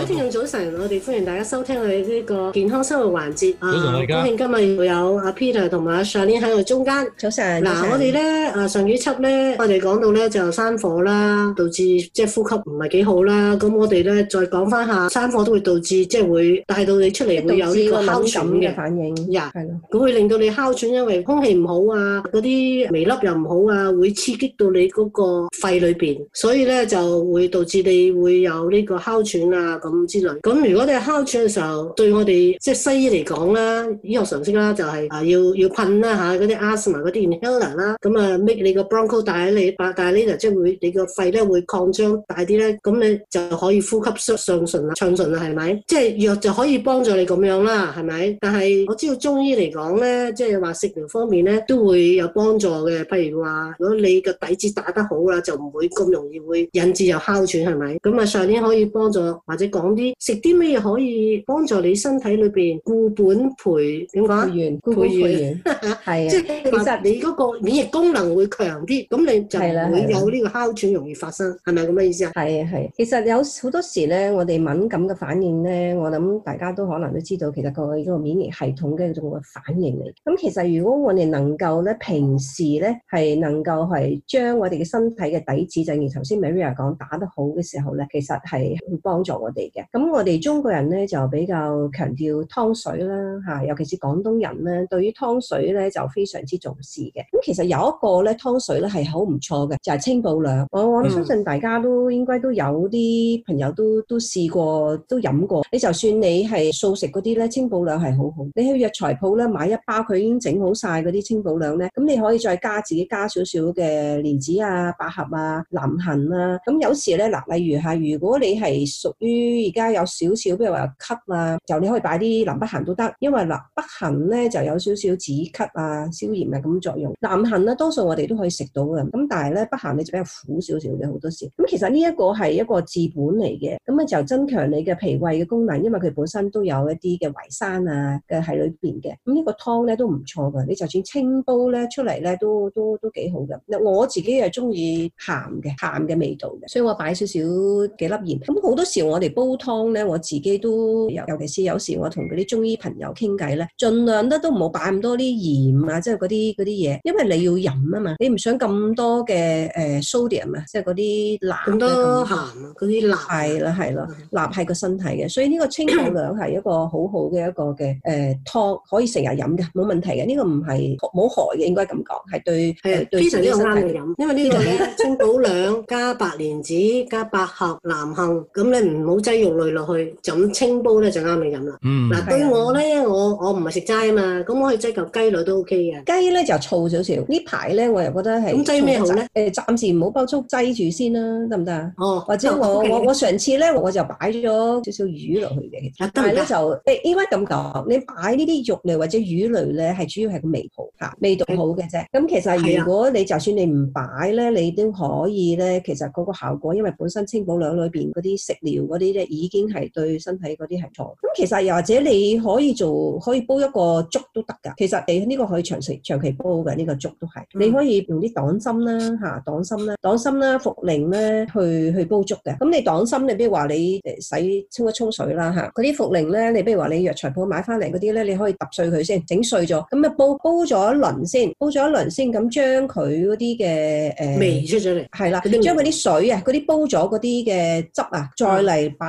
各位聽眾早晨，我哋歡迎大家收聽我哋呢個健康生活環節。早晨大家，歡迎今日會有阿 Peter 同埋阿 Sharon 喺我哋中間。早晨，嗱我哋咧，啊上幾輯咧，我哋講到咧就生火啦，導致即係呼吸唔係幾好啦。咁我哋咧再講翻下，生火都會導致即係會帶到你出嚟會有呢個哮喘嘅反應。呀，係咯，咁會令到你哮喘，因為空氣唔好啊，嗰啲微粒又唔好啊，會刺激到你嗰個肺裏邊，所以咧就會導致你會有呢個哮喘啊。咁之類咁如果你係哮喘嘅時候，對我哋即係西醫嚟講啦，醫學常識啦、啊，就係啊要要噴啦嚇，嗰啲 asthma 嗰啲 inhaler 啦，咁啊 make 你個 broncho 大啲，你大啲即係會你個肺咧會擴張大啲咧，咁你就可以呼吸上順啦，暢順啦，係咪？即係、就是、藥就可以幫助你咁樣啦，係咪？但係我知道中醫嚟講咧，即係話食療方面咧都會有幫助嘅，譬如話，如果你個底子打得好啦，就唔會咁容易會引致有哮喘係咪？咁啊，上年可以幫助或者。講啲食啲咩嘢可以幫助你身體裏邊固本培點講？固本培元，係啊，即係其實你嗰個免疫功能會強啲，咁的你就唔會有呢個哮喘容易發生，係咪咁嘅意思啊？係啊係，其實有好多時咧，我哋敏感嘅反應咧，我諗大家都可能都知道，其實佢個免疫系統嘅一種嘅反應嚟。咁其實如果我哋能夠咧，平時咧係能夠係將我哋嘅身體嘅底子，就如頭先 Maria 講打得好嘅時候咧，其實係會幫助我哋。咁我哋中國人呢，就比較強調湯水啦，嚇，尤其是廣東人呢，對於湯水呢，就非常之重視嘅。咁其實有一個呢，湯水呢係好唔錯嘅，就係清補涼。我我相信大家都應該都有啲朋友都都試過都飲過。你就算你係素食嗰啲呢，清補涼係好好。你去藥材鋪呢買一包，佢已經整好晒嗰啲清補涼呢。咁你可以再加自己加少少嘅蓮子啊、百合啊、南杏啊。咁有時呢，嗱，例如嚇，如果你係屬於而家有少少，比如話有咳啊，就你可以擺啲南北杏都得，因為南北杏咧就有少少止咳啊、消炎啊咁作用。南杏咧，多數我哋都可以食到嘅，咁但係咧北杏你就比較苦少少嘅，好多時。咁其實呢一個係一個治本嚟嘅，咁啊就增強你嘅脾胃嘅功能，因為佢本身都有一啲嘅淮山啊嘅喺裏邊嘅。咁呢個湯咧都唔錯噶，你就算清煲咧出嚟咧都都都，都幾好嘅。嗱，我自己係中意鹹嘅鹹嘅味道嘅，所以我擺少少幾粒鹽。咁好多時我哋煲。煲湯咧，我自己都尤尤其是有時我同嗰啲中醫朋友傾偈咧，盡量咧都唔好擺咁多啲鹽啊，即係嗰啲嗰啲嘢，因為你要飲啊嘛，你唔想咁多嘅誒、呃、sodium 啊，即係嗰啲鈉，咁多鹹嗰啲鈉係啦係咯，鈉係、嗯、個身體嘅，所以呢個清補涼係一個好好嘅一個嘅誒湯，可以成日飲嘅，冇問題嘅，呢、這個唔係冇害嘅，應該咁講，係對係非常之啱嘅飲，的因為呢、這個、嗯、清補涼加白蓮子加百合南杏，咁你唔好肉類落去就咁清煲咧就啱你飲啦。嗯，嗱，對我咧，我我唔係食齋啊嘛，咁我可以擠嚿雞類都 O K 嘅。雞咧就燥少少。呢排咧我又覺得係。咁擠咩好咧？誒，暫時唔好包速擠住先啦，得唔得啊？哦。或者我我我上次咧我就擺咗少少魚落去嘅，但係咧就誒，應該咁講，你擺呢啲肉類或者魚類咧，係主要係個味道吓，味道好嘅啫。咁其實如果你就算你唔擺咧，你都可以咧，其實嗰個效果，因為本身清補涼裏邊嗰啲食料嗰啲。已經係對身體嗰啲係錯。咁其實又或者你可以做，可以煲一個粥都得㗎。其實誒呢個可以長期長期煲㗎，呢、這個粥都係、嗯啊。你可以用啲黨蔘啦，嚇黨蔘啦，黨蔘啦、茯苓咧，去去煲粥嘅。咁你黨蔘，你比如話你誒洗清一沖水啦，嚇。嗰啲茯苓咧，你比如話你藥材鋪買翻嚟嗰啲咧，你可以揼碎佢先，整碎咗。咁啊煲煲咗一輪先，煲咗一輪先咁將佢嗰啲嘅誒，味出咗嚟。係、呃、啦，將佢啲水啊，嗰啲煲咗嗰啲嘅汁啊，再嚟、嗯。放你擺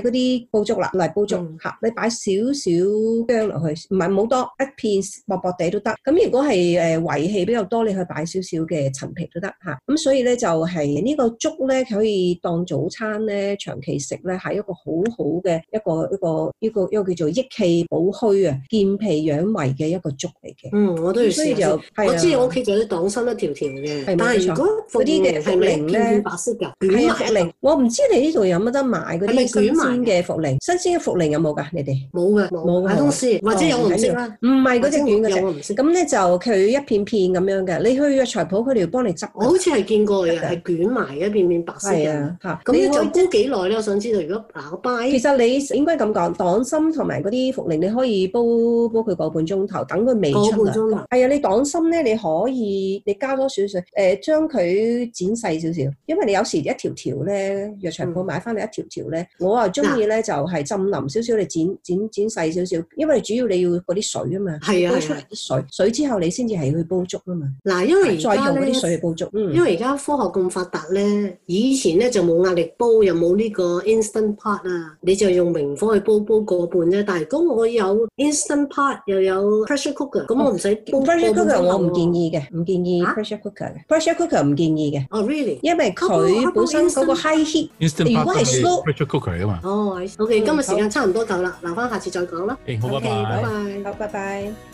嗰啲煲粥啦，嚟煲粥吓，你擺少少薑落去，唔係冇多一片薄薄地都得。咁如果係誒胃氣比較多，你可以擺少少嘅陳皮都得吓。咁所以咧就係呢個粥咧，可以當早餐咧，長期食咧係一個好好嘅一個一個呢個一個，一個叫做益氣補虛啊，健脾養胃嘅一個粥嚟嘅。嗯，我都要試下。所以就啊、我知我屋企就啲黨蔘一條條嘅，但係嗰嗰啲茯苓咧，係咪一片片白色㗎？片茯苓。我唔知你呢度有冇得買。係捲埋嘅茯苓，新鮮嘅茯苓有冇㗎？你哋冇嘅，冇嘅公司，或者有紅色啦，唔係嗰隻丸嗰隻。咁咧就佢一片片咁樣嘅。你去藥材鋪，佢哋幫你執。我好似係見過嘅，係捲埋一片片白色嘅。嚇！咁要再煲幾耐咧？我想知道，如果攪掰。其實你應該咁講，黨參同埋嗰啲茯苓，你可以煲煲佢個半鐘頭，等佢未出個半鐘頭。係啊，你黨參咧，你可以你加多少少，誒，將佢剪細少少，因為你有時一條條咧，藥材鋪買翻嚟一條條。我啊中意咧就係浸腍少少，你剪剪剪細少少，因為主要你要嗰啲水啊嘛，的煲出啲水，的水之後你先至係去煲粥啊嘛。嗱，因為再用啲水去煲粥。嗯、因為而家科學咁發達咧，以前咧就冇壓力煲，又冇呢個 instant pot 啊，你就用明火去煲煲嗰半啫。但係咁我有 instant pot 又有 pressure cooker，咁我唔使。pressure cooker 我唔建議嘅，唔建議 pressure cooker 嘅。pressure cooker 唔建議嘅。哦，really？因為佢本身嗰個 high heat，Instant pot 如果係 slow 出啊嘛，哦，OK，今日時間差唔多夠啦，留翻 Okay. 下次再講啦，OK，拜拜，好，拜拜。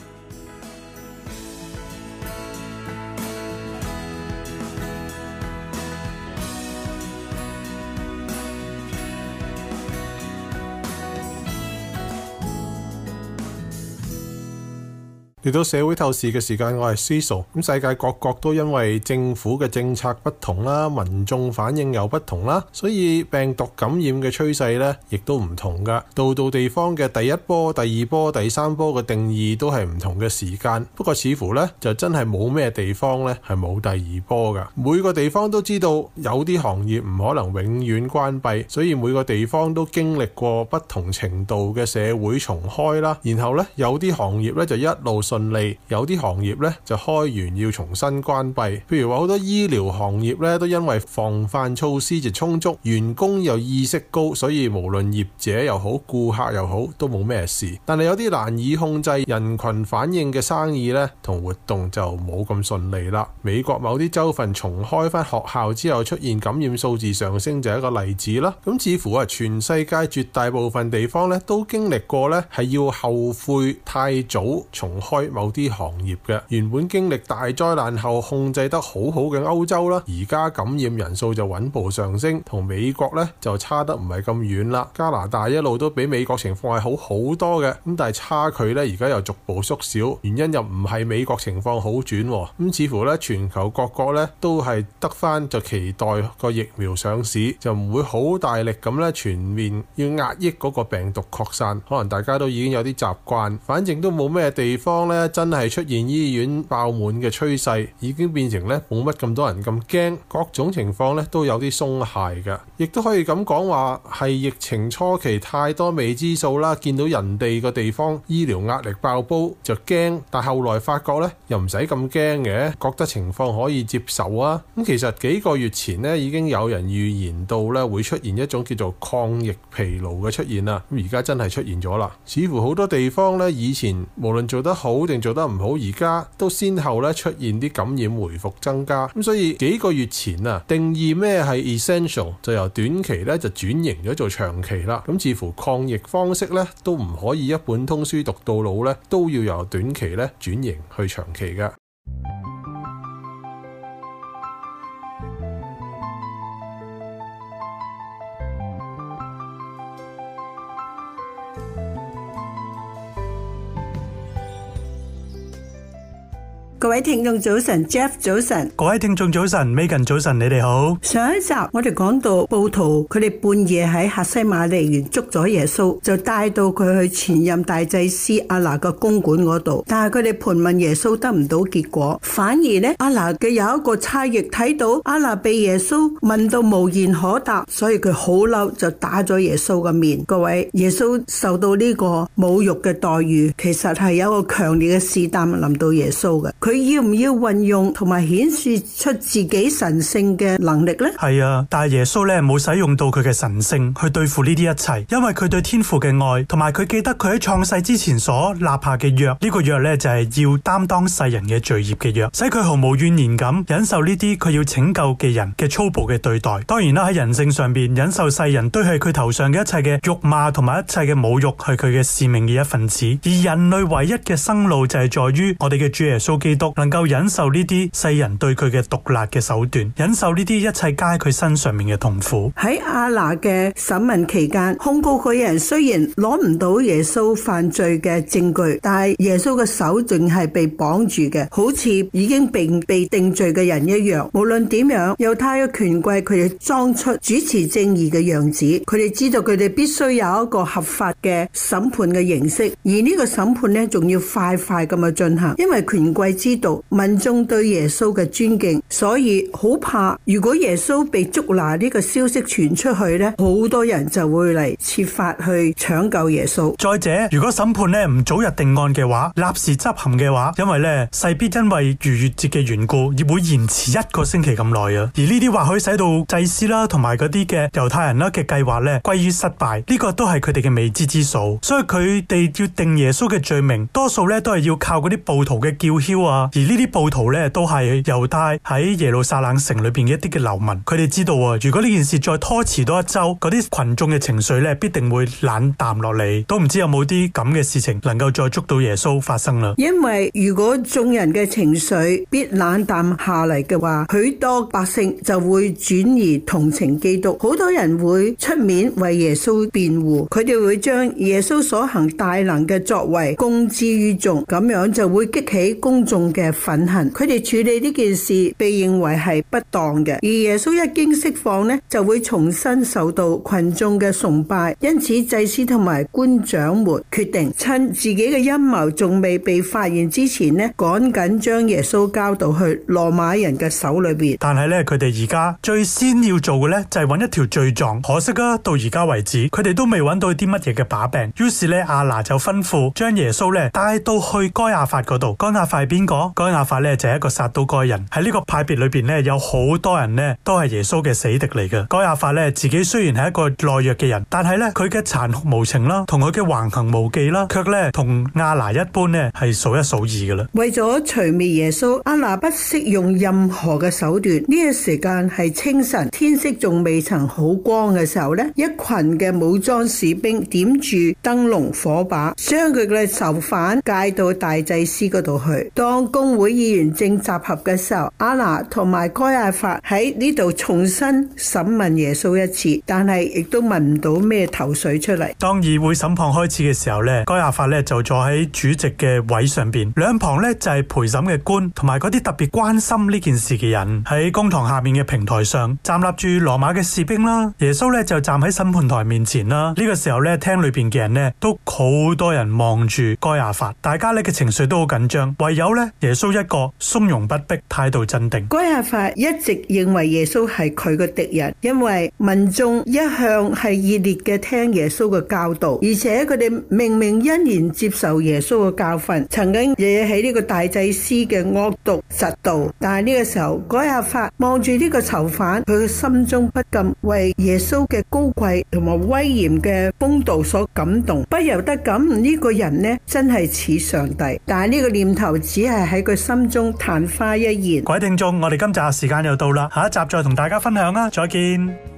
嚟到社會透視嘅時間，我係 Cecil。咁世界各國都因為政府嘅政策不同啦，民眾反應又不同啦，所以病毒感染嘅趨勢咧，亦都唔同噶。度度地方嘅第一波、第二波、第三波嘅定義都係唔同嘅時間。不過似乎咧，就真係冇咩地方咧係冇第二波噶。每個地方都知道有啲行業唔可能永遠關閉，所以每個地方都經歷過不同程度嘅社會重開啦。然後咧，有啲行業咧就一路順利，有啲行業咧就開完要重新關閉，譬如話好多醫療行業咧都因為防範措施就充足，員工又意識高，所以無論業者又好顧客又好都冇咩事。但係有啲難以控制人群反應嘅生意咧同活動就冇咁順利啦。美國某啲州份重開翻學校之後出現感染數字上升就係一個例子啦。咁似乎啊，全世界絕大部分地方咧都經歷過咧係要後悔太早重開。某啲行業嘅原本經歷大災難後控制得好好嘅歐洲啦，而家感染人數就穩步上升，同美國咧就差得唔係咁遠啦。加拿大一路都比美國情況係好好多嘅，咁但係差距咧而家又逐步縮小，原因又唔係美國情況好轉，咁似乎咧全球各國咧都係得翻就期待個疫苗上市，就唔會好大力咁咧全面要壓抑嗰個病毒擴散，可能大家都已經有啲習慣，反正都冇咩地方。咧真係出現醫院爆滿嘅趨勢，已經變成咧冇乜咁多人咁驚，各種情況咧都有啲鬆懈㗎，亦都可以咁講，話係疫情初期太多未知數啦，見到人哋個地方醫療壓力爆煲就驚，但後來發覺咧又唔使咁驚嘅，覺得情況可以接受啊。咁其實幾個月前咧已經有人預言到咧會出現一種叫做抗疫疲勞嘅出現啦，咁而家真係出現咗啦，似乎好多地方咧以前無論做得好。保定做得唔好，而家都先後咧出現啲感染回復增加，咁所以幾個月前啊，定義咩係 essential 就由短期咧就轉型咗做長期啦。咁似乎抗疫方式咧都唔可以一本通書讀到老咧，都要由短期咧轉型去長期㗎。各位聽眾早晨，Jeff 早晨，各位聽眾早晨，Megan 早晨，你哋好。上一集我哋講到暴徒佢哋半夜喺客西馬尼園捉咗耶穌，就帶到佢去前任大祭司阿拿嘅公館嗰度。但係佢哋盤問耶穌得唔到結果，反而呢，阿拿嘅有一個差役睇到阿拿被耶穌問到無言可答，所以佢好嬲就打咗耶穌嘅面。各位，耶穌受到呢個侮辱嘅待遇，其實係有一個強烈嘅試探臨到耶穌嘅。佢要唔要運用同埋顯示出自己神聖嘅能力呢？係啊，但係耶穌咧冇使用到佢嘅神性去對付呢啲一切，因為佢對天父嘅愛同埋佢記得佢喺創世之前所立下嘅約，這個、呢個約咧就係、是、要擔當世人嘅罪孽嘅約，使佢毫無怨言咁忍受呢啲佢要拯救嘅人嘅粗暴嘅對待。當然啦，喺人性上邊忍受世人堆喺佢頭上嘅一切嘅辱罵同埋一切嘅侮辱係佢嘅使命嘅一份子。而人類唯一嘅生路就係在於我哋嘅主耶穌基督。能夠忍受呢啲世人對佢嘅毒辣嘅手段，忍受呢啲一切加喺佢身上面嘅痛苦。喺阿娜嘅審問期間，控告佢啲人雖然攞唔到耶穌犯罪嘅證據，但係耶穌嘅手仲係被綁住嘅，好似已經並被，被定罪嘅人一樣。無論點樣，猶太嘅權貴，佢哋裝出主持正義嘅樣子。佢哋知道佢哋必須有一個合法嘅審判嘅形式，而呢個審判咧，仲要快快咁啊進行，因為權貴知道民眾對耶穌嘅尊敬，所以好怕。如果耶穌被捉拿呢個消息傳出去呢，好多人就會嚟設法去搶救耶穌。再者，如果審判呢，唔早日定案嘅話，立時執行嘅話，因為呢，勢必因為逾越節嘅緣故，會延遲一個星期咁耐啊。而呢啲或許使到祭司啦，同埋嗰啲嘅猶太人啦嘅計劃呢，歸於失敗。呢個都係佢哋嘅未知之數。所以佢哋要定耶穌嘅罪名，多數呢都係要靠嗰啲暴徒嘅叫囂啊。而呢啲暴徒咧，都係猶太喺耶路撒冷城裏邊嘅一啲嘅流民，佢哋知道啊，如果呢件事再拖遲多一周，嗰啲群眾嘅情緒咧，必定會冷淡落嚟，都唔知有冇啲咁嘅事情能夠再捉到耶穌發生啦。因為如果眾人嘅情緒必冷淡下嚟嘅話，許多百姓就會轉移同情基督，好多人會出面為耶穌辯護，佢哋會將耶穌所行大能嘅作為公之於眾，咁樣就會激起公眾，嘅憤恨，佢哋處理呢件事被認為係不當嘅，而耶穌一經釋放呢，就會重新受到群眾嘅崇拜。因此，祭司同埋官長們決定趁自己嘅陰謀仲未被發現之前呢，趕緊將耶穌交到去羅馬人嘅手裏邊。但係呢，佢哋而家最先要做嘅呢，就係揾一條罪狀。可惜啊，到而家為止，佢哋都未揾到啲乜嘢嘅把柄。於是呢，亞拿就吩咐將耶穌呢帶到去該亞法嗰度。該亞法係邊個？該亞、哦、法咧就係、是、一個撒都該人，喺呢個派別裏邊呢，有好多人呢，都係耶穌嘅死敵嚟嘅。該亞法呢，自己雖然係一個懦弱嘅人，但係呢，佢嘅殘酷無情啦，同佢嘅橫行無忌啦，卻呢，同亞拿一般呢，係數一數二噶啦。為咗除滅耶穌，亞拿不惜用任何嘅手段。呢、這、一、個、時間係清晨，天色仲未曾好光嘅時候呢，一群嘅武裝士兵點住燈籠火把，將佢嘅囚犯解到大祭司嗰度去。當公會議員正集合嘅時候，阿娜同埋該亞法喺呢度重新審問耶穌一次，但係亦都問唔到咩頭緒出嚟。當議會審判開始嘅時候呢，該亞法呢就坐喺主席嘅位上邊，兩旁呢就係陪審嘅官同埋嗰啲特別關心呢件事嘅人，喺公堂下面嘅平台上站立住，羅馬嘅士兵啦。耶穌呢就站喺審判台面前啦。呢個時候呢，廳裏邊嘅人呢都好多人望住該亞法，大家呢嘅情緒都好緊張，唯有呢。耶穌一個鬆容不迫，態度鎮定。該亞法一直認為耶穌係佢嘅敵人，因為民眾一向係熱烈嘅聽耶穌嘅教導，而且佢哋明明欣然接受耶穌嘅教訓，曾經惹起呢個大祭司嘅惡毒嫉妒。但係呢個時候，該亞法望住呢個囚犯，佢心中不禁為耶穌嘅高貴同埋威嚴嘅風度所感動，不由得感呢、呢個人呢真係似上帝。但係呢個念頭只係。係喺佢心中曇花一現。各位聽眾，我哋今集嘅時間又到啦，下一集再同大家分享啦，再見。